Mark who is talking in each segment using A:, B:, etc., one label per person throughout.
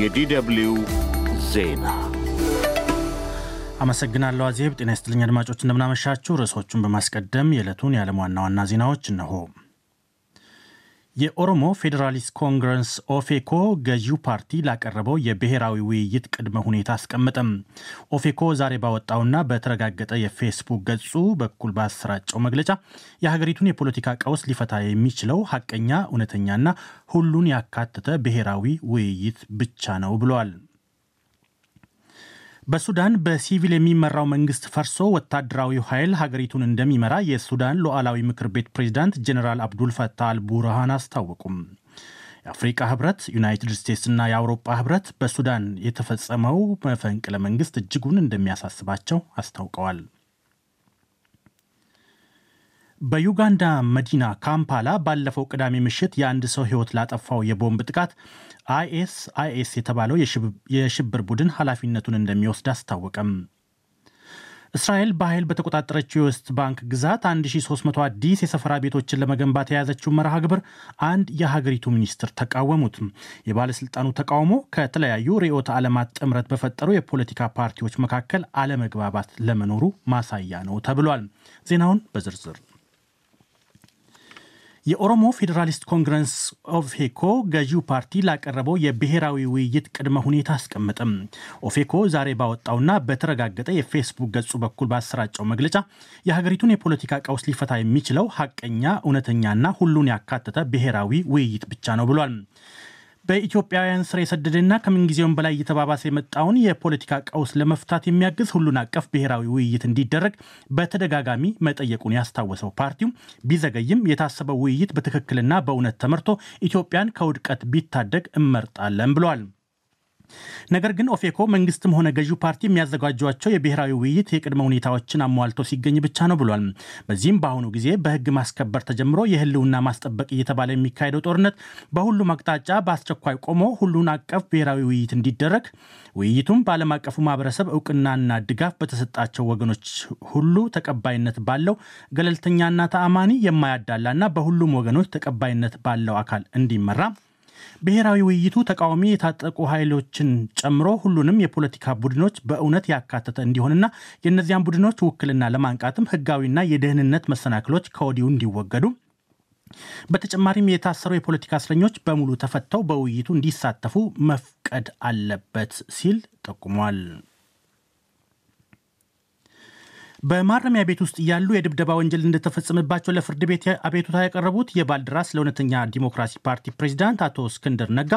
A: የዲደብሊው ዜና አመሰግናለሁ አዜብ። ጤና ይስጥልኝ አድማጮች እንደምናመሻችሁ። ርዕሶቹን በማስቀደም የዕለቱን የዓለም ዋና ዋና ዜናዎች እነሆ። የኦሮሞ ፌዴራሊስት ኮንግረስ ኦፌኮ ገዢው ፓርቲ ላቀረበው የብሔራዊ ውይይት ቅድመ ሁኔታ አስቀመጠም። ኦፌኮ ዛሬ ባወጣውና በተረጋገጠ የፌስቡክ ገጹ በኩል ባሰራጨው መግለጫ የሀገሪቱን የፖለቲካ ቀውስ ሊፈታ የሚችለው ሀቀኛ፣ እውነተኛና ሁሉን ያካተተ ብሔራዊ ውይይት ብቻ ነው ብለዋል። በሱዳን በሲቪል የሚመራው መንግስት ፈርሶ ወታደራዊ ኃይል ሀገሪቱን እንደሚመራ የሱዳን ሉዓላዊ ምክር ቤት ፕሬዚዳንት ጀኔራል አብዱል ፈታህ ቡርሃን አስታወቁም። የአፍሪቃ ህብረት፣ ዩናይትድ እና የአውሮፓ ህብረት በሱዳን የተፈጸመው መፈንቅለ መንግስት እጅጉን እንደሚያሳስባቸው አስታውቀዋል። በዩጋንዳ መዲና ካምፓላ ባለፈው ቅዳሜ ምሽት የአንድ ሰው ሕይወት ላጠፋው የቦምብ ጥቃት አይኤስ አይኤስ የተባለው የሽብር ቡድን ኃላፊነቱን እንደሚወስድ አስታወቀም። እስራኤል በኃይል በተቆጣጠረችው የዌስት ባንክ ግዛት 1300 አዲስ የሰፈራ ቤቶችን ለመገንባት የያዘችው መርሃ ግብር አንድ የሀገሪቱ ሚኒስትር ተቃወሙት። የባለስልጣኑ ተቃውሞ ከተለያዩ ርዕዮተ ዓለማት ጥምረት በፈጠሩ የፖለቲካ ፓርቲዎች መካከል አለመግባባት ለመኖሩ ማሳያ ነው ተብሏል። ዜናውን በዝርዝር የኦሮሞ ፌዴራሊስት ኮንግረስ ኦፌኮ ገዢው ፓርቲ ላቀረበው የብሔራዊ ውይይት ቅድመ ሁኔታ አስቀምጥም። ኦፌኮ ዛሬ ባወጣውና በተረጋገጠ የፌስቡክ ገጹ በኩል ባሰራጨው መግለጫ የሀገሪቱን የፖለቲካ ቀውስ ሊፈታ የሚችለው ሀቀኛ፣ እውነተኛና ሁሉን ያካተተ ብሔራዊ ውይይት ብቻ ነው ብሏል። በኢትዮጵያውያን ስር የሰደደና ከምንጊዜውም በላይ እየተባባሰ የመጣውን የፖለቲካ ቀውስ ለመፍታት የሚያግዝ ሁሉን አቀፍ ብሔራዊ ውይይት እንዲደረግ በተደጋጋሚ መጠየቁን ያስታወሰው ፓርቲው ቢዘገይም የታሰበው ውይይት በትክክልና በእውነት ተመርቶ ኢትዮጵያን ከውድቀት ቢታደግ እመርጣለን ብለዋል። ነገር ግን ኦፌኮ መንግስትም ሆነ ገዢው ፓርቲ የሚያዘጋጇቸው የብሔራዊ ውይይት የቅድመ ሁኔታዎችን አሟልቶ ሲገኝ ብቻ ነው ብሏል። በዚህም በአሁኑ ጊዜ በህግ ማስከበር ተጀምሮ የህልውና ማስጠበቅ እየተባለ የሚካሄደው ጦርነት በሁሉም አቅጣጫ በአስቸኳይ ቆሞ ሁሉን አቀፍ ብሔራዊ ውይይት እንዲደረግ ውይይቱም በዓለም አቀፉ ማህበረሰብ እውቅናና ድጋፍ በተሰጣቸው ወገኖች ሁሉ ተቀባይነት ባለው ገለልተኛና ተአማኒ የማያዳላና በሁሉም ወገኖች ተቀባይነት ባለው አካል እንዲመራ ብሔራዊ ውይይቱ ተቃዋሚ የታጠቁ ኃይሎችን ጨምሮ ሁሉንም የፖለቲካ ቡድኖች በእውነት ያካተተ እንዲሆንና የእነዚያን ቡድኖች ውክልና ለማንቃትም ህጋዊና የደህንነት መሰናክሎች ከወዲሁ እንዲወገዱ በተጨማሪም የታሰሩ የፖለቲካ እስረኞች በሙሉ ተፈተው በውይይቱ እንዲሳተፉ መፍቀድ አለበት ሲል ጠቁሟል። በማረሚያ ቤት ውስጥ ያሉ የድብደባ ወንጀል እንደተፈጸመባቸው ለፍርድ ቤት አቤቱታ ያቀረቡት የባልደራስ ለእውነተኛ ዲሞክራሲ ፓርቲ ፕሬዚዳንት አቶ እስክንድር ነጋ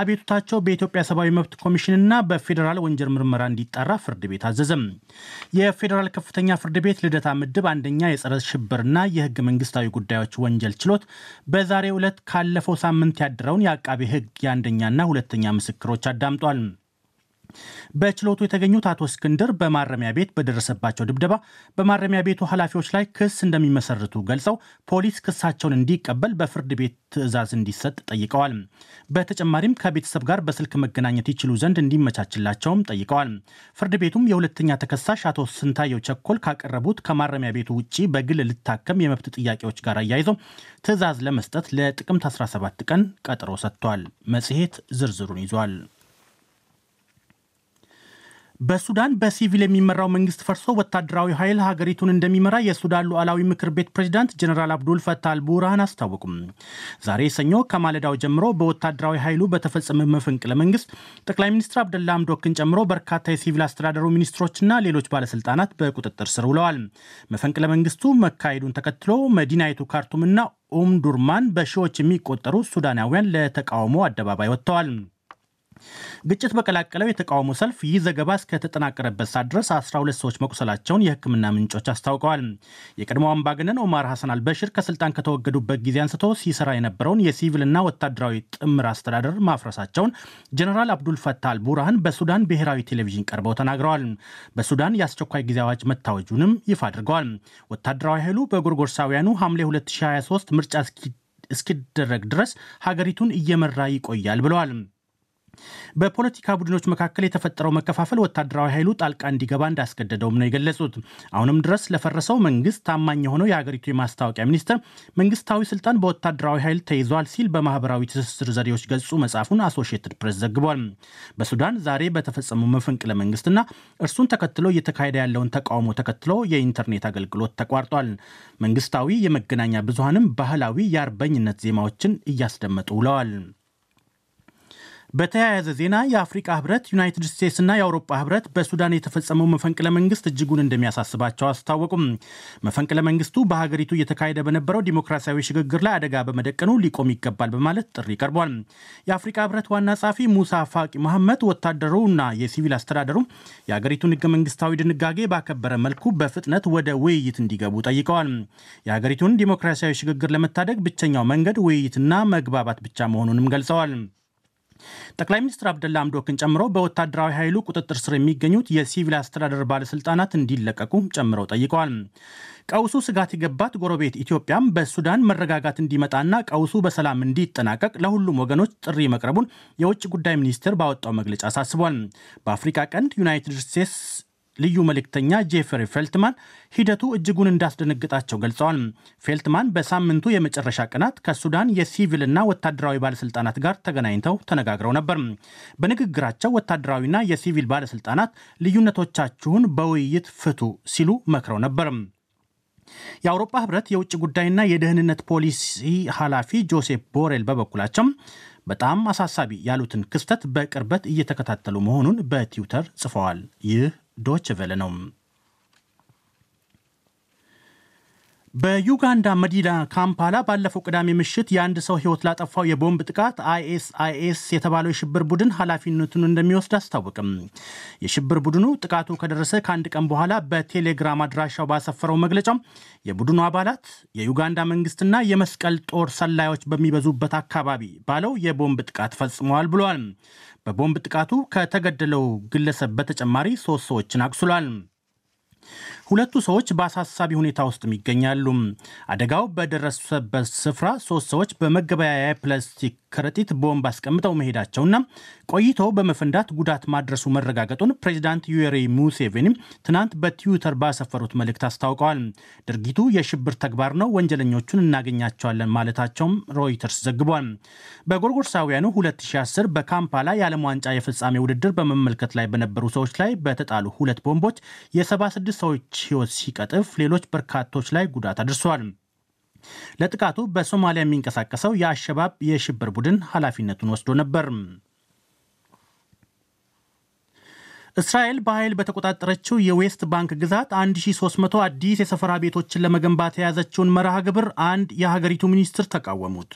A: አቤቱታቸው በኢትዮጵያ ሰብአዊ መብት ኮሚሽንና በፌዴራል ወንጀል ምርመራ እንዲጣራ ፍርድ ቤት አዘዘም። የፌዴራል ከፍተኛ ፍርድ ቤት ልደታ ምድብ አንደኛ የጸረ ሽብርና የህገ መንግስታዊ ጉዳዮች ወንጀል ችሎት በዛሬው ዕለት ካለፈው ሳምንት ያደረውን የአቃቤ ህግ የአንደኛና ሁለተኛ ምስክሮች አዳምጧል። በችሎቱ የተገኙት አቶ እስክንድር በማረሚያ ቤት በደረሰባቸው ድብደባ በማረሚያ ቤቱ ኃላፊዎች ላይ ክስ እንደሚመሰርቱ ገልጸው ፖሊስ ክሳቸውን እንዲቀበል በፍርድ ቤት ትዕዛዝ እንዲሰጥ ጠይቀዋል። በተጨማሪም ከቤተሰብ ጋር በስልክ መገናኘት ይችሉ ዘንድ እንዲመቻችላቸውም ጠይቀዋል። ፍርድ ቤቱም የሁለተኛ ተከሳሽ አቶ ስንታየው ቸኮል ካቀረቡት ከማረሚያ ቤቱ ውጭ በግል ልታከም የመብት ጥያቄዎች ጋር አያይዘው ትዕዛዝ ለመስጠት ለጥቅምት 17 ቀን ቀጠሮ ሰጥቷል። መጽሔት ዝርዝሩን ይዟል። በሱዳን በሲቪል የሚመራው መንግስት ፈርሶ ወታደራዊ ኃይል ሀገሪቱን እንደሚመራ የሱዳን ሉዓላዊ ምክር ቤት ፕሬዚዳንት ጀኔራል አብዱል ፈታል ቡርሃን አስታወቁም። ዛሬ ሰኞ ከማለዳው ጀምሮ በወታደራዊ ኃይሉ በተፈጸመ መፈንቅለ መንግስት ጠቅላይ ሚኒስትር አብደላ አምዶክን ጨምሮ በርካታ የሲቪል አስተዳደሩ ሚኒስትሮችና ሌሎች ባለስልጣናት በቁጥጥር ስር ውለዋል። መፈንቅለ መንግስቱ መካሄዱን ተከትሎ መዲናይቱ ካርቱምና ኡምዱርማን በሺዎች የሚቆጠሩ ሱዳናውያን ለተቃውሞ አደባባይ ወጥተዋል። ግጭት በቀላቀለው የተቃውሞ ሰልፍ ይህ ዘገባ እስከተጠናቀረበት ሰዓት ድረስ 12 ሰዎች መቁሰላቸውን የህክምና ምንጮች አስታውቀዋል። የቀድሞ አምባገነን ኦማር ሐሰን አልበሽር ከስልጣን ከተወገዱበት ጊዜ አንስቶ ሲሰራ የነበረውን የሲቪልና ወታደራዊ ጥምር አስተዳደር ማፍረሳቸውን ጀኔራል አብዱልፈታ አልቡርሃን በሱዳን ብሔራዊ ቴሌቪዥን ቀርበው ተናግረዋል። በሱዳን የአስቸኳይ ጊዜ አዋጅ መታወጁንም ይፋ አድርገዋል። ወታደራዊ ኃይሉ በጎርጎርሳውያኑ ሐምሌ 2023 ምርጫ እስኪደረግ ድረስ ሀገሪቱን እየመራ ይቆያል ብለዋል። በፖለቲካ ቡድኖች መካከል የተፈጠረው መከፋፈል ወታደራዊ ኃይሉ ጣልቃ እንዲገባ እንዳስገደደውም ነው የገለጹት። አሁንም ድረስ ለፈረሰው መንግስት ታማኝ የሆነው የሀገሪቱ የማስታወቂያ ሚኒስትር መንግስታዊ ስልጣን በወታደራዊ ኃይል ተይዟል ሲል በማህበራዊ ትስስር ዘዴዎች ገጹ መጽሐፉን አሶሺየትድ ፕሬስ ዘግቧል። በሱዳን ዛሬ በተፈጸመው መፈንቅለ መንግስትና እርሱን ተከትሎ እየተካሄደ ያለውን ተቃውሞ ተከትሎ የኢንተርኔት አገልግሎት ተቋርጧል። መንግስታዊ የመገናኛ ብዙሀንም ባህላዊ የአርበኝነት ዜማዎችን እያስደመጡ ውለዋል። በተያያዘ ዜና የአፍሪቃ ህብረት፣ ዩናይትድ ስቴትስና የአውሮፓ ህብረት በሱዳን የተፈጸመው መፈንቅለ መንግስት እጅጉን እንደሚያሳስባቸው አስታወቁም። መፈንቅለ መንግስቱ በሀገሪቱ እየተካሄደ በነበረው ዲሞክራሲያዊ ሽግግር ላይ አደጋ በመደቀኑ ሊቆም ይገባል በማለት ጥሪ ቀርቧል። የአፍሪቃ ህብረት ዋና ጸሐፊ ሙሳ ፋቂ መሐመድ ወታደሩና የሲቪል አስተዳደሩ የሀገሪቱን ህገ መንግስታዊ ድንጋጌ ባከበረ መልኩ በፍጥነት ወደ ውይይት እንዲገቡ ጠይቀዋል። የሀገሪቱን ዲሞክራሲያዊ ሽግግር ለመታደግ ብቸኛው መንገድ ውይይትና መግባባት ብቻ መሆኑንም ገልጸዋል። ጠቅላይ ሚኒስትር አብደላ አምዶክን ጨምሮ በወታደራዊ ኃይሉ ቁጥጥር ስር የሚገኙት የሲቪል አስተዳደር ባለስልጣናት እንዲለቀቁ ጨምረው ጠይቀዋል። ቀውሱ ስጋት የገባት ጎረቤት ኢትዮጵያም በሱዳን መረጋጋት እንዲመጣና ቀውሱ በሰላም እንዲጠናቀቅ ለሁሉም ወገኖች ጥሪ መቅረቡን የውጭ ጉዳይ ሚኒስቴር ባወጣው መግለጫ አሳስቧል። በአፍሪካ ቀንድ ዩናይትድ ስቴትስ ልዩ መልእክተኛ ጄፍሪ ፌልትማን ሂደቱ እጅጉን እንዳስደነግጣቸው ገልጸዋል። ፌልትማን በሳምንቱ የመጨረሻ ቀናት ከሱዳን የሲቪልና ወታደራዊ ባለስልጣናት ጋር ተገናኝተው ተነጋግረው ነበር። በንግግራቸው ወታደራዊና የሲቪል ባለስልጣናት ልዩነቶቻችሁን በውይይት ፍቱ ሲሉ መክረው ነበር። የአውሮፓ ህብረት የውጭ ጉዳይና የደህንነት ፖሊሲ ኃላፊ ጆሴፕ ቦሬል በበኩላቸው በጣም አሳሳቢ ያሉትን ክስተት በቅርበት እየተከታተሉ መሆኑን በትዊተር ጽፈዋል። ይህ ዶች ቨለን om በዩጋንዳ መዲና ካምፓላ ባለፈው ቅዳሜ ምሽት የአንድ ሰው ህይወት ላጠፋው የቦምብ ጥቃት አይኤስአይኤስ የተባለው የሽብር ቡድን ኃላፊነቱን እንደሚወስድ አስታወቅም። የሽብር ቡድኑ ጥቃቱ ከደረሰ ከአንድ ቀን በኋላ በቴሌግራም አድራሻው ባሰፈረው መግለጫው የቡድኑ አባላት የዩጋንዳ መንግስትና የመስቀል ጦር ሰላዮች በሚበዙበት አካባቢ ባለው የቦምብ ጥቃት ፈጽመዋል ብሏል። በቦምብ ጥቃቱ ከተገደለው ግለሰብ በተጨማሪ ሶስት ሰዎችን አቁስሏል። ሁለቱ ሰዎች በአሳሳቢ ሁኔታ ውስጥም ይገኛሉ። አደጋው በደረሰበት ስፍራ ሶስት ሰዎች በመገበያያ ፕላስቲክ ከረጢት ቦምብ አስቀምጠው መሄዳቸውና ቆይተው በመፈንዳት ጉዳት ማድረሱ መረጋገጡን ፕሬዚዳንት ዩዌሪ ሙሴቬኒ ትናንት በትዊተር ባሰፈሩት መልእክት አስታውቀዋል። ድርጊቱ የሽብር ተግባር ነው፣ ወንጀለኞቹን እናገኛቸዋለን ማለታቸውም ሮይተርስ ዘግቧል። በጎርጎርሳውያኑ 2010 በካምፓላ የዓለም ዋንጫ የፍጻሜ ውድድር በመመልከት ላይ በነበሩ ሰዎች ላይ በተጣሉ ሁለት ቦምቦች የ76 ሰዎች ሕይወት ሲቀጥፍ ሌሎች በርካቶች ላይ ጉዳት አድርሷል። ለጥቃቱ በሶማሊያ የሚንቀሳቀሰው የአሸባብ የሽብር ቡድን ኃላፊነቱን ወስዶ ነበር። እስራኤል በኃይል በተቆጣጠረችው የዌስት ባንክ ግዛት 1300 አዲስ የሰፈራ ቤቶችን ለመገንባት የያዘችውን መርሃ ግብር አንድ የሀገሪቱ ሚኒስትር ተቃወሙት።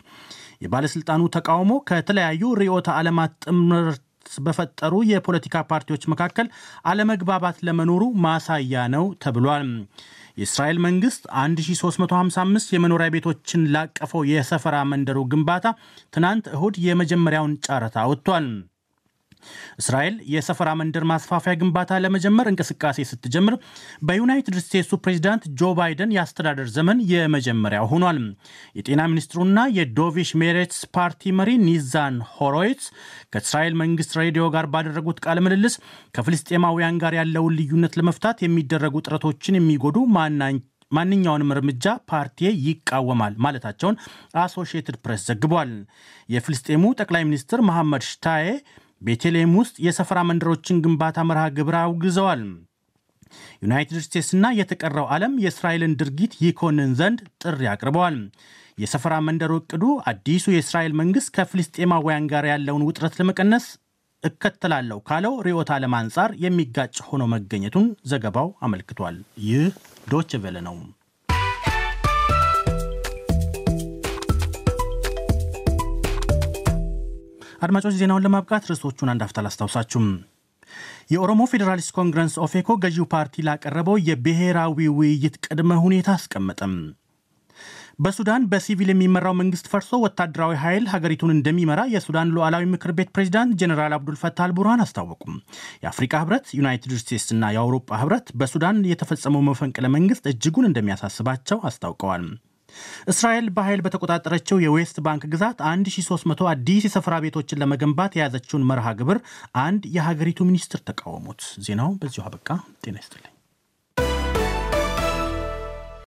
A: የባለሥልጣኑ ተቃውሞ ከተለያዩ ርዕዮተ ዓለማት ጥምር በፈጠሩ የፖለቲካ ፓርቲዎች መካከል አለመግባባት ለመኖሩ ማሳያ ነው ተብሏል። የእስራኤል መንግስት 1355 የመኖሪያ ቤቶችን ላቀፈው የሰፈራ መንደሩ ግንባታ ትናንት እሁድ የመጀመሪያውን ጨረታ ወጥቷል። እስራኤል የሰፈራ መንደር ማስፋፊያ ግንባታ ለመጀመር እንቅስቃሴ ስትጀምር በዩናይትድ ስቴትሱ ፕሬዚዳንት ጆ ባይደን የአስተዳደር ዘመን የመጀመሪያ ሆኗል። የጤና ሚኒስትሩና የዶቪሽ ሜሬትስ ፓርቲ መሪ ኒዛን ሆሮይትስ ከእስራኤል መንግስት ሬዲዮ ጋር ባደረጉት ቃለ ምልልስ ከፍልስጤማውያን ጋር ያለውን ልዩነት ለመፍታት የሚደረጉ ጥረቶችን የሚጎዱ ማናኝ ማንኛውንም እርምጃ ፓርቲ ይቃወማል ማለታቸውን አሶሺየትድ ፕሬስ ዘግቧል። የፍልስጤሙ ጠቅላይ ሚኒስትር መሐመድ ሽታዬ ቤተልሔም ውስጥ የሰፈራ መንደሮችን ግንባታ መርሃ ግብር አውግዘዋል። ዩናይትድ ስቴትስና የተቀረው ዓለም የእስራኤልን ድርጊት ይኮንን ዘንድ ጥሪ አቅርበዋል። የሰፈራ መንደር እቅዱ አዲሱ የእስራኤል መንግስት ከፍልስጤማውያን ጋር ያለውን ውጥረት ለመቀነስ እከተላለሁ ካለው ርዕዮተ ዓለም አንጻር የሚጋጭ ሆኖ መገኘቱን ዘገባው አመልክቷል። ይህ ዶችቬለ ነው። አድማጮች ዜናውን ለማብቃት ርዕሶቹን አንድ አፍታ ላስታውሳችሁም። የኦሮሞ ፌዴራሊስት ኮንግረስ ኦፌኮ ገዢው ፓርቲ ላቀረበው የብሔራዊ ውይይት ቅድመ ሁኔታ አስቀመጠም። በሱዳን በሲቪል የሚመራው መንግስት ፈርሶ ወታደራዊ ኃይል ሀገሪቱን እንደሚመራ የሱዳን ሉዓላዊ ምክር ቤት ፕሬዚዳንት ጀኔራል አብዱልፈታህ አልቡርሃን አስታወቁም። የአፍሪካ ህብረት፣ ዩናይትድ ስቴትስ እና የአውሮፓ ህብረት በሱዳን የተፈጸመው መፈንቅለ መንግስት እጅጉን እንደሚያሳስባቸው አስታውቀዋል። እስራኤል በኃይል በተቆጣጠረችው የዌስት ባንክ ግዛት 1300 አዲስ የሰፈራ ቤቶችን ለመገንባት የያዘችውን መርሃ ግብር አንድ የሀገሪቱ ሚኒስትር ተቃወሙት። ዜናው በዚሁ አበቃ። ጤና ይስጥልኝ።